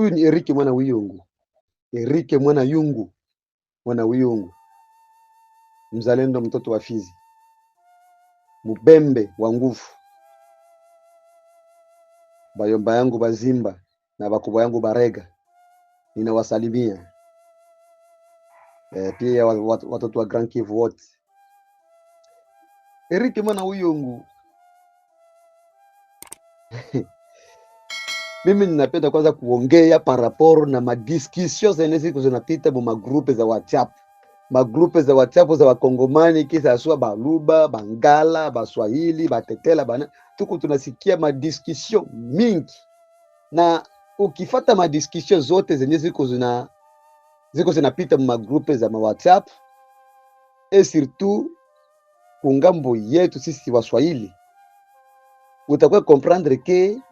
Huyu ni Erike mwana Wiyungu, Erike mwana Yungu, mwana Wiyungu, mzalendo, mtoto wa Fizi, mbembe wa nguvu, bayomba yangu bazimba na bakubwa yangu barega, ninawasalimia e, pia watoto wa Grand Kivu wote. Erike mwana Wiyungu mimi ninapenda kwanza kuongea paraporo na madiskusio zene ziko zinapita mu magrupe za WhatsApp, magrupe za WhatsApp za Wakongomani, kisa asua Baluba, Bangala, Baswahili, Batetela bana, tuko tunasikia madiskusio mingi, na ukifata madiskusio zote zenye ziko zina ziko zinapita mu magrupe za mawhatsapp WhatsApp e surtout kungambo yetu sisi Waswahili, utakuwa comprendre ke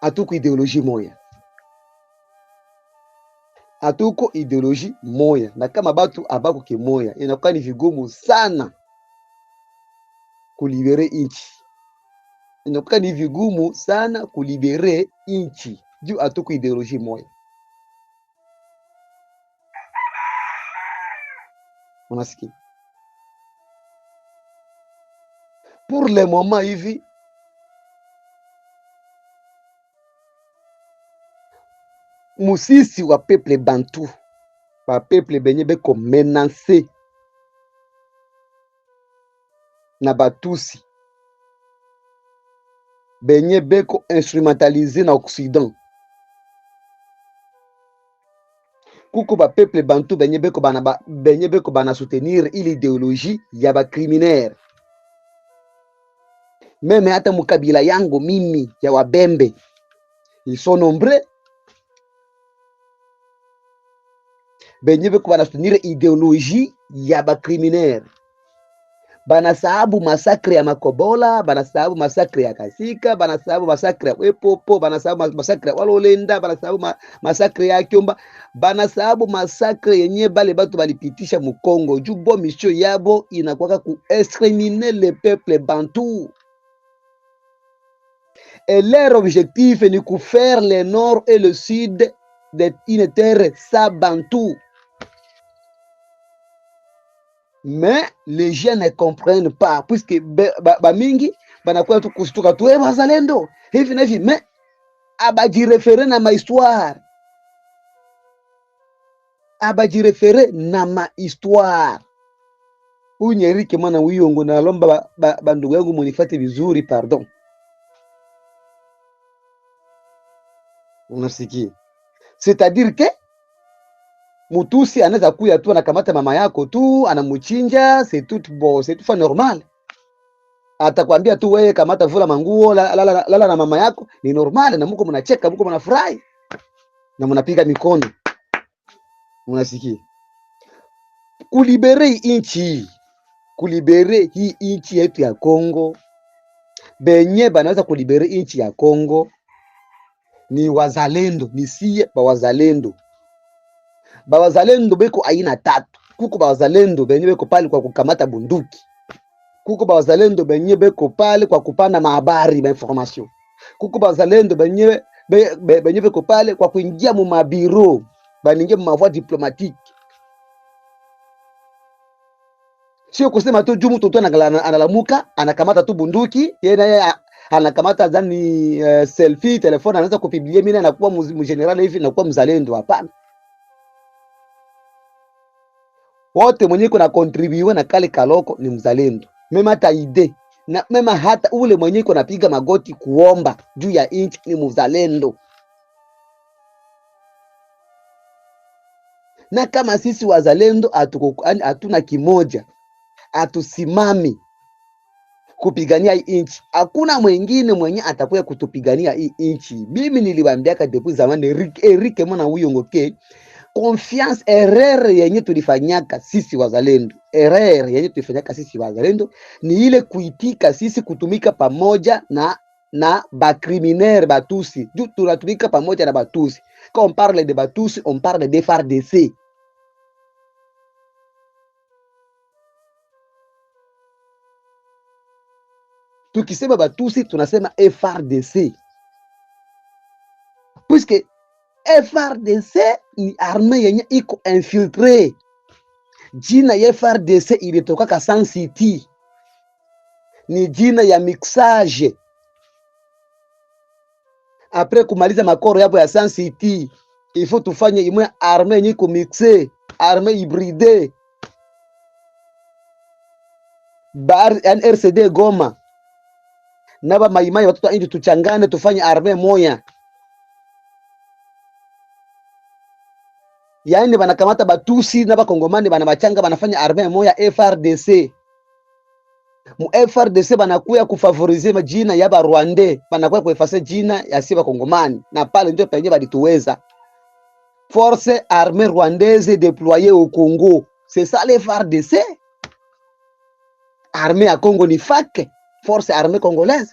hatuko ideoloji moya, hatuko ideoloji moya, na kama batu abako kimoya, inakuwa ni vigumu sana kulibere nchi, inakuwa ni vigumu sana kulibere nchi juu hatuko ideoloji moya. Unasikia? Pour le moment hivi musisi wa peuple bantu ba peuple benye beko na batusi benye beko instrumentalize na occident kuko ba peuple bantu benye beko bana ba, benye beko bana soutenir ile yaba ya ba criminaire meme hata mukabila yango mimi ya wabembe ils sont nombreux benyewe banasunire idéologie ya bana banasahabu massacre ya Makobola, massacre masakre ya Kasika, banasahabu massacre à Wepopo, banasahabu masakre massacre. Walolenda, bana ma, masakre ya bana banasahabu masakre yenye bale batu balipitisha mu Congo bo misio yabo inakwaka ku exterminer le peuple Bantou. et leur objectif est de faire le nord et le sud d'une terre Bantou mais les gens ne comprennent pas puisque bamingi banakuwa tu kushtuka tu eh, wazalendo hivi na hivi, mais abajirefere na mahistoire, abajirefere na mahistoire. Huyu na mwana na lomba bandugu yangu munifate vizuri, pardon. Unasikia, c'est-à-dire que Mutusi anaweza kuya tu anakamata mama yako tu anamuchinja, c'est tout bon, c'est tout normal. Atakwambia tu wewe kamata vula manguo lala, lala, lala na mama yako ni normal, na mko mnacheka mko mnafurahi na mnapiga mikono mnasikia. Kulibere inchi kulibere hii inchi yetu ya Kongo, benye banaweza kulibere inchi ya Kongo ni wazalendo, ni sie ba wazalendo bawazalendo beko aina tatu. Kuko bawazalendo benye beko pale kwa kukamata bunduki, kuko bawazalendo benye beko pale kwa kupana mahabari ba information, kuko bawazalendo benye be, be, benye beko pale kwa kuingia mu mabiro, baningia mu mavua diplomatique. Sio kusema tu jumu mtu analamuka anakamata tu bunduki yeye naye anakamata zani uh, selfie telefoni anaweza kupiblia mimi na kuwa mjenerali hivi na kuwa mzalendo. Hapana. wote mwenye kuna kontribuiwa na kale kaloko ni mzalendo mema hata ide na mema hata ule mwenye kuna piga magoti kuomba juu ya inchi ni mzalendo. Na kama sisi wazalendo hatuna kimoja, hatusimami kupigania hii inchi, hakuna mwingine mwenye atakuya kutupigania hii inchi. Mimi niliwaambiaka depuis zamani, Erike eh, mwana huyo ngoke confiance, erreur yenye tulifanyaka sisi wazalendo, erreur yenye tulifanyaka sisi wazalendo ni ile kuitika sisi kutumika pamoja na na bakriminere Batusi, juu tunatumika pamoja na Batusi. Quand on parle de Batusi, on parle de FARDC. Tukisema Batusi tunasema FARDC puisque FRDC ni arme yenye iko infiltre jina ya FRDC ilitoka Kasan City, ni jina ya mixage apres kumaliza makoro yapo ya San City, ifo tufanye imwe arme yenye iko mixe arme hybride bar RCD Goma na ba maimai watoto inji tuchangane tufanye arme moya yaani banakamata batusi na bakongomani bana bachanga banafanya arme moya FRDC mu FRDC banakuya kufavorize majina ya ba Rwande, banakuya kuefase jina ya si bakongomani, na pale ndio penye balituweza force armée rwandaise déployée au Congo. C'est ça le FRDC, arme ya Congo ni fake force armée congolaise.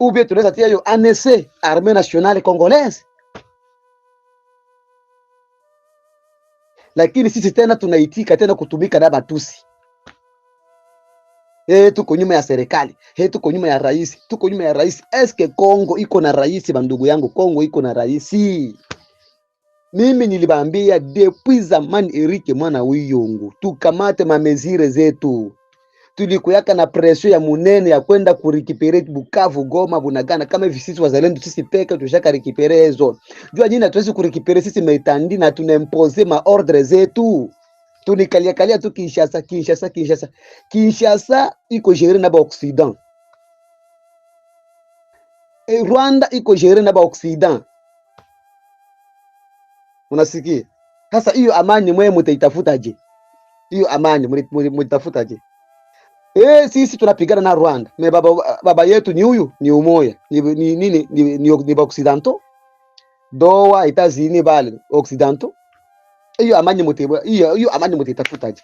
ou bien tunaweza tia hiyo ANC Armée Nationale Congolaise, lakini sisi tena tunaitika tena kutumika na Batusi. Hey, eh, tuko nyuma ya serikali hey, eh, tuko nyuma ya rais, tuko nyuma ya rais. Eske Kongo iko na rais? Bandugu yangu, Kongo iko na rais? Mimi nilibambia depuis zamani, Erike mwana wiyongo, tukamate mamezire zetu tulikuyaka na pression ya munene ya kwenda kurikipere Bukavu, Goma, Bunagana kama hivi. Sisi wazalendo sisi peke tushaka rikipere zone jua nyinyi, hatuwezi kurikipere sisi maitandi na tunaimpose maordre zetu tunikalia kalia tu Kinshasa, Kinshasa, Kinshasa, Kinshasa iko jere na ba Occident e Rwanda iko jere na ba Occident. Unasikia sasa, hiyo amani mwe mutaitafutaje? Hiyo amani mutaitafutaje? E, sisi tunapigana na Rwanda. Me baba, baba yetu ni huyu ni umoya ni nini ni, ni, ni, ni, ni Occidental doa itazini bale Occidental hiyo amani muteba hiyo hiyo amani mutetafutaje?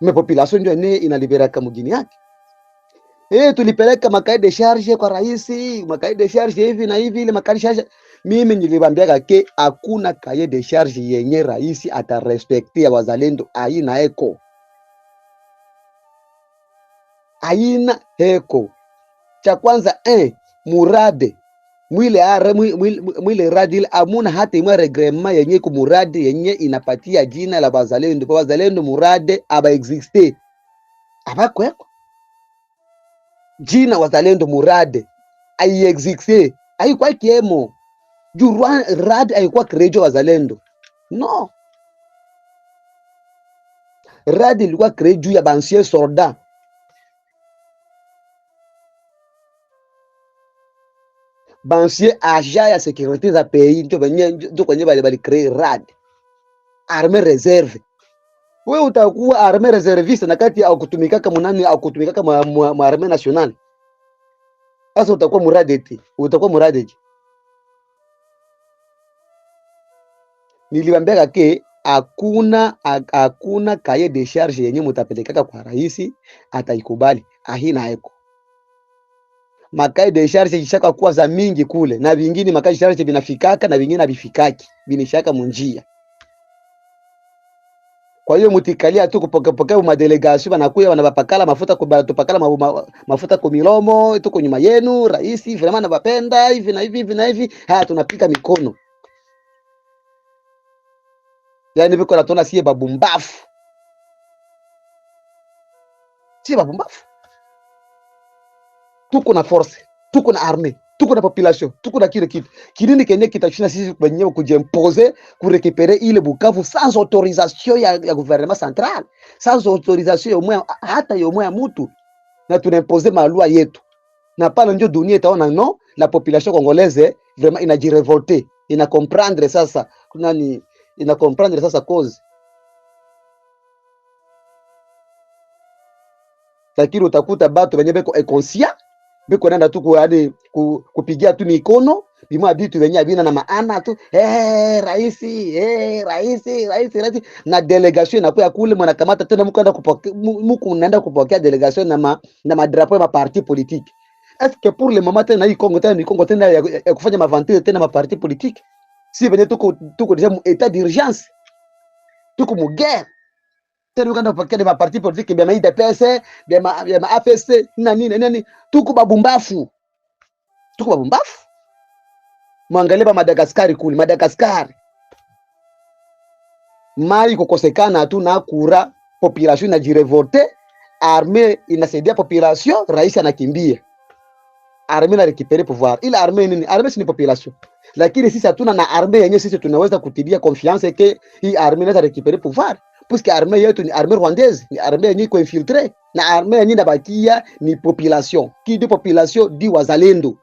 Me population ndio ne kama mugini yake eh, tulipeleka makai de charge kwa rais, makai de charge hivi na hivi ile makai charge. Mimi nilibambia ke hakuna kai de charge yenye rais atarespektia wazalendo aina eko aina heko. Cha kwanza eh, murade mwile are mwile, mwile radil amuna hata imwe regrema yenye ku murade yenye inapatia jina la bazalendo kwa bazalendo, murade aba existe aba kweko jina wazalendo murade ai existe ai kwa kiemo juu rad kwa kirejo wazalendo no, radi ilikuwa kirejo ya bansien soldat bansie aja ya security za pei ndio ndio kwenye bali bali create rad arme reserve. Wewe utakuwa arme reserviste na kati au kutumika kama nani au kutumika kama arme national. Sasa utakuwa muradeti, utakuwa muradeti. Niliwambia ke hakuna hakuna kaye de charge yenye mutapelekaka kwa rais ataikubali ahina eko makai de charge ishaka kuwa za mingi kule, na vingine makai charge vinafikaka na vingine havifikaki, vinishaka munjia. Kwa hiyo mutikalia tu kupokepokea madelegasi wanakuya wanabapakala mafuta kubatupakala ma, mafuta kwa milomo tuko nyuma yenu, rais hivi na anabapenda hivi na hivi hivi na hivi, haya tunapika mikono. Yaani viko natona siye babumbafu. siye babumbafu tuko na force, tuko na army, tuko na population, tuko na kile kitu. Kinini kenye kitashinda sisi wenyewe kujimpose kurekipere ile Bukavu sans autorisation ya, ya gouvernement central, sans autorisation ya umoja hata ya umoja mtu, na tunaimpose malua yetu, na pale ndio dunia itaona no, la population congolaise vraiment inajirevolte, ina sasa nani, ina sasa cause lakini utakuta batu benye beko ekonsia biko nenda tu kuadi kupigia tu mikono bimwa bitu venye abina na maana tu hey, raisi hey, raisi raisi raisi na delegation inakuya kule mwanakamata tena mkuenda kupokea mku naenda kupokea delegation na ma, na madrapo ya maparti politique est que pour le moment tena hii Kongo tena ni Kongo tena ya, ya kufanya mavantile tena maparti politique si venye tuko tuko deja mu d'urgence tuko mu guerre tena ukaenda kupakia ni maparti politiki vya maidepese vya ma, vya maafs na nini nini, tuko babumbafu, tuko babumbafu. Mwangalie ba Madagaskari kuli Madagaskari mai kukosekana, na kura, population inajirevolte, arme inasaidia population, rais anakimbia, arme na rekipere pouvoir. Ila arme nini? Arme si ni population, lakini sisi hatuna na arme yenyewe. Sisi tunaweza kutibia confiance ke hii arme na rekipere pouvoir puisque armée yetu ni armée rwandaise, ni armée yenye iko infiltre na armée yenye nabakia ni population. Kidi population di wazalendo,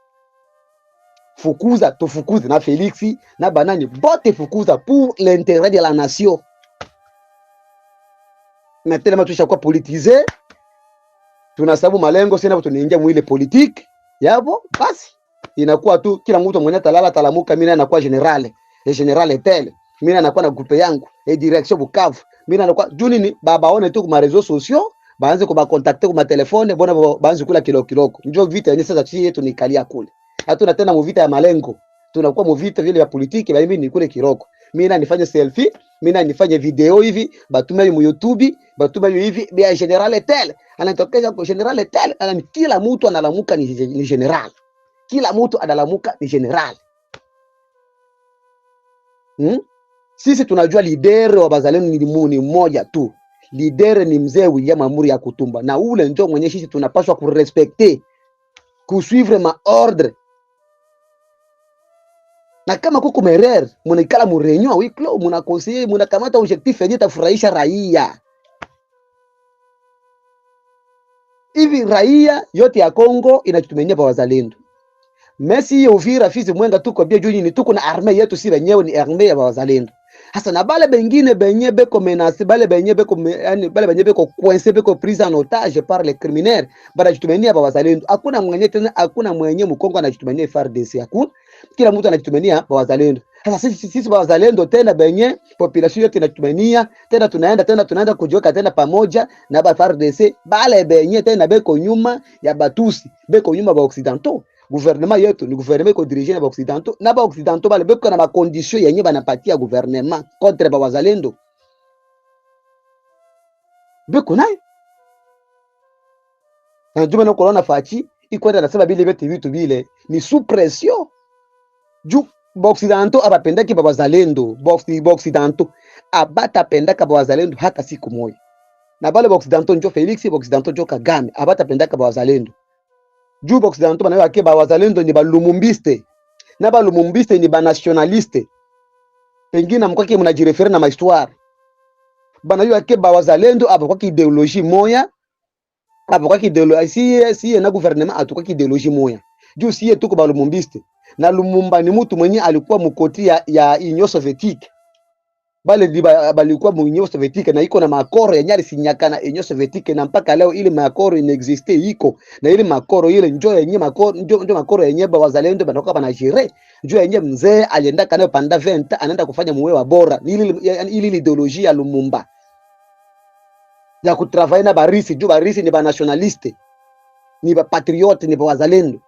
fukuza tufukuze na Felix na banani bote, fukuza pour l'intérêt de la nation. Na tena tushakuwa politize, tunasabu malengo sasa, tunaingia mwile politique yabo, basi inakuwa tu kila mtu mwenye talala talamuka, mimi nakuwa general e general tel, mimi nakuwa na grupe yangu e direction Bukavu mina nakuwa juu ni babaone tu kuma reseaux sociaux baanze kontakte kuma telefone bona baanze kula kilo kiloko. Njoo vita yenyewe sasa chini yetu nikalia kule, hatuna tena muvita ya malengo, tunakuwa muvita vile vya politiki ba mimi nikule kiroko, mina nifanye selfie, mina nifanye video hivi, batume mu YouTube, batume hivi bia general tel anatokeza kwa general tel ana, kila mtu analamuka ni, ni general, kila mtu analamuka ni general hmm? Sisi tunajua lidere wa Bazalendo ni moja tu, lidere ni mzee William Amuri ya Kutumba, na ule njo mwenye sisi tunapaswa kurespekte, kusuivre maordre na kama kuko merer munakala mureunion huis clos munakonseye munakamata objectif yenye tafurahisha raia hivi. Raia yote ya Kongo inachitumenia pa wazalendo mesi hiyo Uvira, Fizi, Mwenga tuko bia juu ni tuko na arme yetu si wenyewe ni arme ya wazalendo. Hasa na bale bengine benye beko menace bale benye beko yani bale benye beko coincé beko prise en otage par les criminels banajitumania bawazalendo. Hakuna mwenye tena, hakuna mwenye Mkongo anajitumania FARDC, hakuna. Kila mtu anajitumania bawazalendo. Sasa sisi sisi bawazalendo tena benye population yote inatumania tena, tunaenda tena tunaenda kujiweka tena pamoja na ba FARDC bale benye tena beko nyuma ya Batusi, beko nyuma ba Occidentaux guvernema yetu ni guvernema iko dirije na baoccidentaux na baoccidentaux bale beko na bakondisio yenye banapatia guvernema contre bawazalendo beko nayo nanjumana kolona fachi ikwenda nasema bile vyote vitu bile ni supression juu baoccidentaux abapendaki bawazalendo baoccidentaux abatapendaka bawazalendo hata siku moya na bale baoccidentaux njo Felix baoccidentaux njo Kagame abatapendaka bawazalendo juu danto banayoka ke bawazalendo ni balumumbiste na balumumbiste ni banationaliste, pengine mkwake munajirefere na mahistoire banayoka ke bawazalendo aba kwaki ideologie moya aba siye siye na gouvernement atukwaki ideologie moya juu siye tuko balumumbiste na Lumumba ni mutu mwenye alikuwa mukoti ya, ya Union Soviétique bale diba balikuwa mwenyewe sovietike na iko na makoro ya nyari sinyakana enyewe sovietike na mpaka leo ile makoro inexiste iko na ile makoro ile njo yenye makoro njoo njo makoro yenye ba wazalendo banatoka bana jire njo yenye mzee alienda kana panda venta anaenda kufanya muwe wa bora ile ile ideology ya Lumumba ya kutravaye na barisi juu barisi ni ba nationaliste ni ba patriote ni ba wazalendo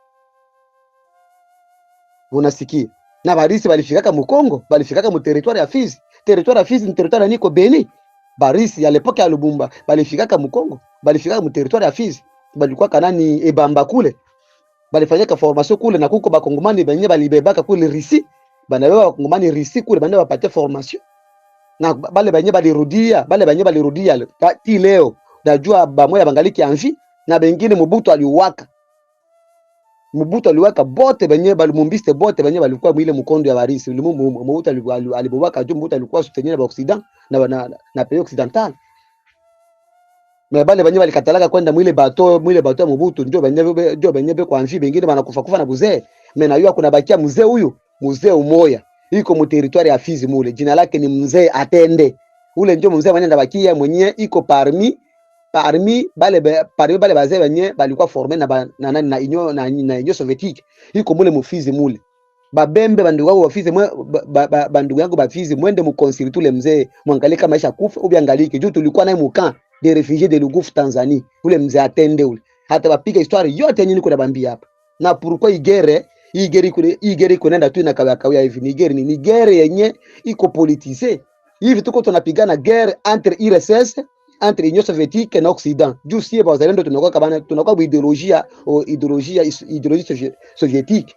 unasikia na barisi balifikaka mu Kongo balifikaka mu territoire ya Fizi territoire ya Fizi ni territoire niko Beni. Barisi ya lepoke ya Lubumba balifikaka Mukongo, balifikaka mu territoire ya Fizi, balikuwa kanani ebamba kule, balifanyaka formation kule, na kuko bakongomani benye balibebaka kule risi, banabeba bakongomani risi kule, bana bapatia formation na bale benye balirudia, bale benye balirudia ti leo najua bamoya bangaliki anvi na bengine Mobutu aliuwaka Mubutu aliwaka bote benye balimumbiste bote benye balikuwa mwile mkondo ya barisi. Mubutu alibobaka juu Mubutu alikuwa soutenir ba Occident na na, na pays occidental. Me benye balikatalaga kwenda mwile bato mwile bato ya Mubutu ndio benye ndio benye be kwanji bengine banakufa kufa na buzee. Me na yua bakia mzee huyu, mzee umoya. Iko mu ya Fizi mule. Jina lake ni mzee Atende. Ule ndio mzee mwenye ndabakia mwenye iko parmi parmi bale parmi bale bazee benye balikuwa forme na na na na inyo na na inyo sovietique iko mule mufizi mule babembe bandugu yangu bafizi mwe ba, ba, bandugu yangu bafizi mwende mukonsili tule mzee mwangalie kama isha kufa ubi angalike juu tulikuwa naye mukan de refugie de lugufu Tanzania ule mzee atende ule hata bapika histoire yote yenyewe kuna bambia hapa na pourquoi igere igere kule igere kunaenda tu na kawa kawia hivi nigeri ni nigeri yenye iko politise hivi tuko tunapigana guerre entre IRSS entre l'Union Soviétique et Occident. Juu sie bazalendo tunakuwa kabana tunakuwa idéologie, euh, idéologie, euh, soviétique.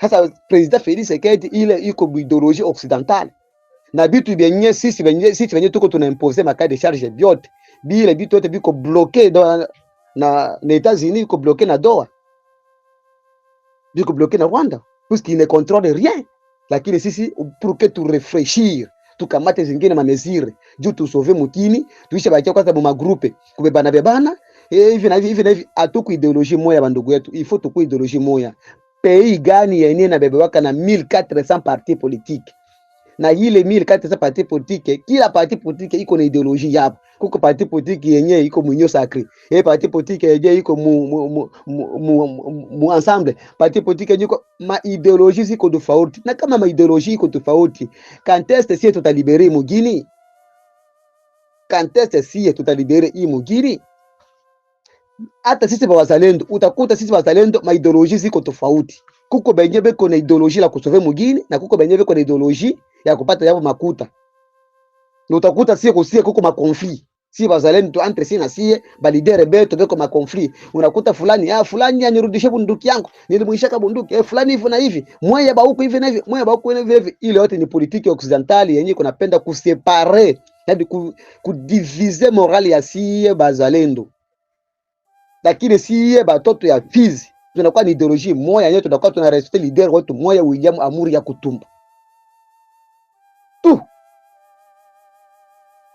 Félix, President Felix il a une idéologie occidentale. Na a vyenye sisi de charge il a bloqué na les États-Unis a bloqué na Doha. a bloqué na Rwanda parce ne contrôle rien. qui pour que tu réfléchir tukamate zingine mamezire juu tusove mukini tuishe bakia kwanza mwa groupe kubebana bebana eh, hivi na hivi na hivi, atuku ideologie moya bandugu yetu, ifo tuku ideologie moya. Pays gani yenye na bebewaka na 1400 parti politique na ile mili kati za parti politique, kila parti politique iko na ideology yao. Kuko parti politique yenye iko mwinyo sacre, e eh, parti politique yenye iko mu mu mu, mu, mu, mu ensemble, parti politique yenye iko ma ideology ziko tofauti, na kama ma ideology iko tofauti, kanteste sie tutalibere mugini, kanteste sie tutalibere imugini hata sisi ba wazalendo utakuta sisi wazalendo maideoloji ziko tofauti. Kuko benye beko na ideoloji la kusove mugini na kuko benye beko na ideoloji ya kupata yabo makuta, na utakuta sie kusie kuko makonfli si wazalendo tu entre si na sie balidere beto beko makonfli. Unakuta fulani ah, fulani anirudishe bunduki yangu, ka bunduki eh, fulani hivi na hivi, mweya ba huko hivi na hivi, mweya ba huko hivi hivi. Ile yote ni politiki occidentale yenye kunapenda kusepare, yani kudivise morali ya sie bazalendo lakini si ye batoto ya Fizi tunakuwa ni ideoloji moya yenyewe, tunakuwa tuna respect leader wetu moya William Amuri ya Kutumba tu,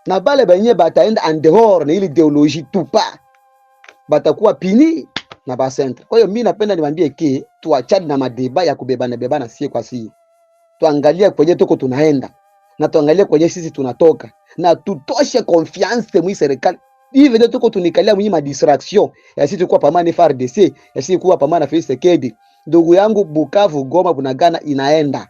na bale benye bataenda andehor na ile ideoloji tu tupa batakuwa pini na basenta. Kwa hiyo mimi napenda niwaambie ki tuachane na madeba ya kubebana bebana, sie kwa sie, tuangalie kwenye tuko tunaenda na tuangalie kwenye sisi tunatoka, na tutoshe confiance mwi serikali hii video tuko tunikalia mwenye madistraction. Yasi tulikuwa pamoja na FARDC, yasi tulikuwa pamoja na FCD. Ndugu yangu Bukavu, Goma, Bunagana inaenda.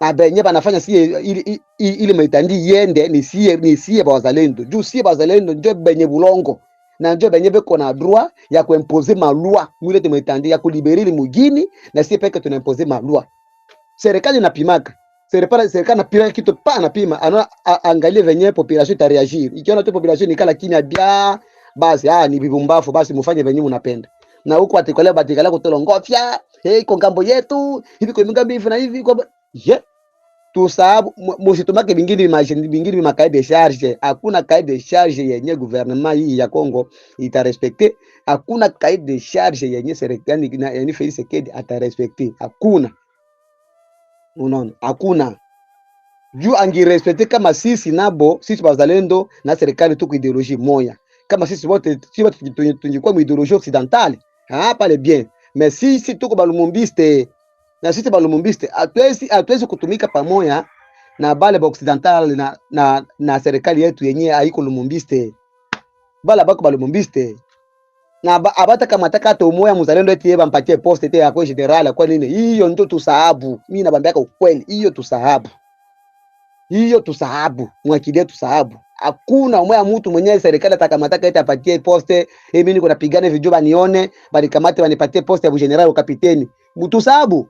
Na benye banafanya sie ili ili maitandi yende ni sie ni sie ba wazalendo. Juu sie ba wazalendo ndio benye bulongo. Na ndio benye beko na droit ya kuimposer malua. Mwile maitandi ya kuliberi mugini na sie peke tunaimposer malua. Serikali na pimaka serikali serikali napima kitu pa anapima ana angalie venye population itareagir. Ikiona tu population ikala kimya bia, basi ah, ni vibumbafu, basi mufanye venye mnapenda. Na huko atikale batikale kutolongofya, hey, kwa ngambo yetu hivi kwa ngambo hivi na hivi kwa je, tusahabu msitumake vingine imagine vingine vima kaide de charge. Hakuna kaide de charge yenye gouvernement hii ya Kongo itarespekte. Hakuna kaide de charge yenye serikali na yani Felix Sekedi atarespekte. Hakuna Unaona, hakuna juu angirespecte kama sisi nabo sisi bazalendo na serikali tuko ideologie moya, kama sisi wote tungekuwa muideologie occidentale ah, pale bien. Mais sisi tuko balumumbiste na sisi balumumbiste hatuwezi kutumika pamoya na bale ba occidentale na, na, na serikali yetu yenye haiko lumumbiste bala bako balumumbiste na abata kama taka to moya muzalendo eti mpatie poste eti yako general kwa nini? Hiyo ndio tusahabu. Mimi na nabambiaka ukweli, hiyo tusahabu, hiyo tusahabu, mwakidia tusahabu. Hakuna moya mtu mwenye serikali atakamata kata eti apatie poste. e, Mimi niko napigana vijoba nione bali kamate wanipatie poste ya general au kapiteni. Tusahabu,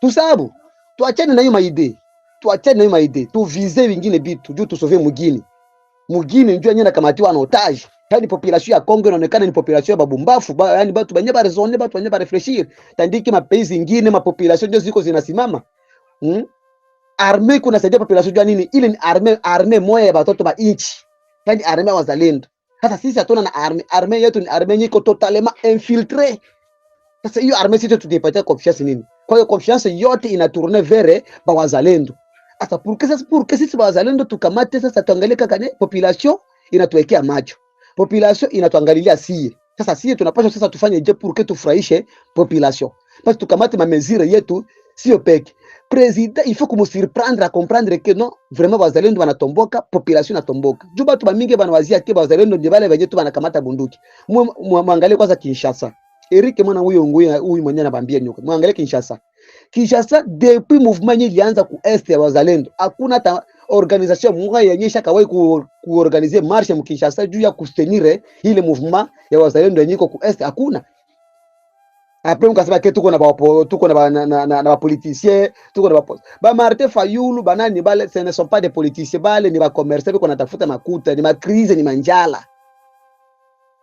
tusahabu, tuachane na hiyo maide, tuachane na hiyo maide, tuvize vingine bitu juu tusovie mugini, mugini njoo yenyewe nakamatiwa na otage yani population ya Kongo inaonekana ni population ya babumbafu ba, yani batu banye ba raisonner batu banye ba réfléchir tandiki mapei zingine mapopulation ndio ziko zinasimama hmm? Armée kuna saidia population ya nini? Ile ni armée armée moya ya batoto ba inchi, yani armée ya wazalendo. Sasa sisi hatuna na armée, armée yetu ni armée nyiko totalement infiltré Sasa hiyo armée sisi tutaipatia confiance nini? Kwa hiyo confiance yote inatourne vers ba wazalendo. Sasa pour que sasa pour que sisi ba wazalendo tukamate sasa, tuangalie kaka ni population inatuwekea macho population inatuangalilia sie. Sasa sie tunapaswa sasa tufanye je pour que tufurahishe population, basi tukamate mamezire yetu sio peke president. Il faut kumusurprendre a comprendre que non vraiment bazalendo wanatomboka, population inatomboka juu batu bamingi banawazia ke bazalendo ndio bale wenyewe tu wanakamata bunduki. Mwangalie kwanza Kinshasa, Eric mwana huyo nguye huyu mwenyewe anabambia nyoka, mwangalie Kinshasa. Kinshasa depuis mouvement ilianza ku est ya bazalendo hakuna organisation moja yenye ishakawahi ku, kuorganize marshe mkinshasa juu ya kustenire ile mouvement ya wazalendo yenye iko ku est hakuna. Après mkasema ke tuko na ba tuko na ba, na, na, ba politiciens tuko na ba ba Martin Fayulu banani bale ce ne sont pas des politiciens bale ni ba commerçants biko natafuta makuta ni ma crise ni manjala.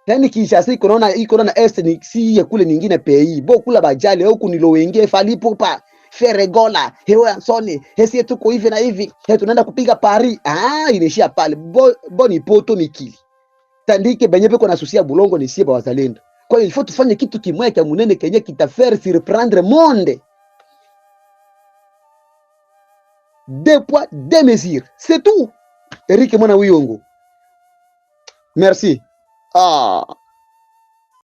Yani Kinshasa iko naona iko na est ni si ya kule nyingine pays bo kula bajali au kunilo wengine falipo pa Feregola, hewe hesi hesie tuko hivi na hivi, he tunaenda kupiga pari, Ah, inaishia pale bo, bo ni poto mikili tandike benye peko nasusia bulongo ni sie bazalendo. Kwa hiyo tufanye kitu kimwe kia munene kenye kitafaire surprendre monde De poids de mesures, c'est tout. Eric mwana wiyongo, merci ah.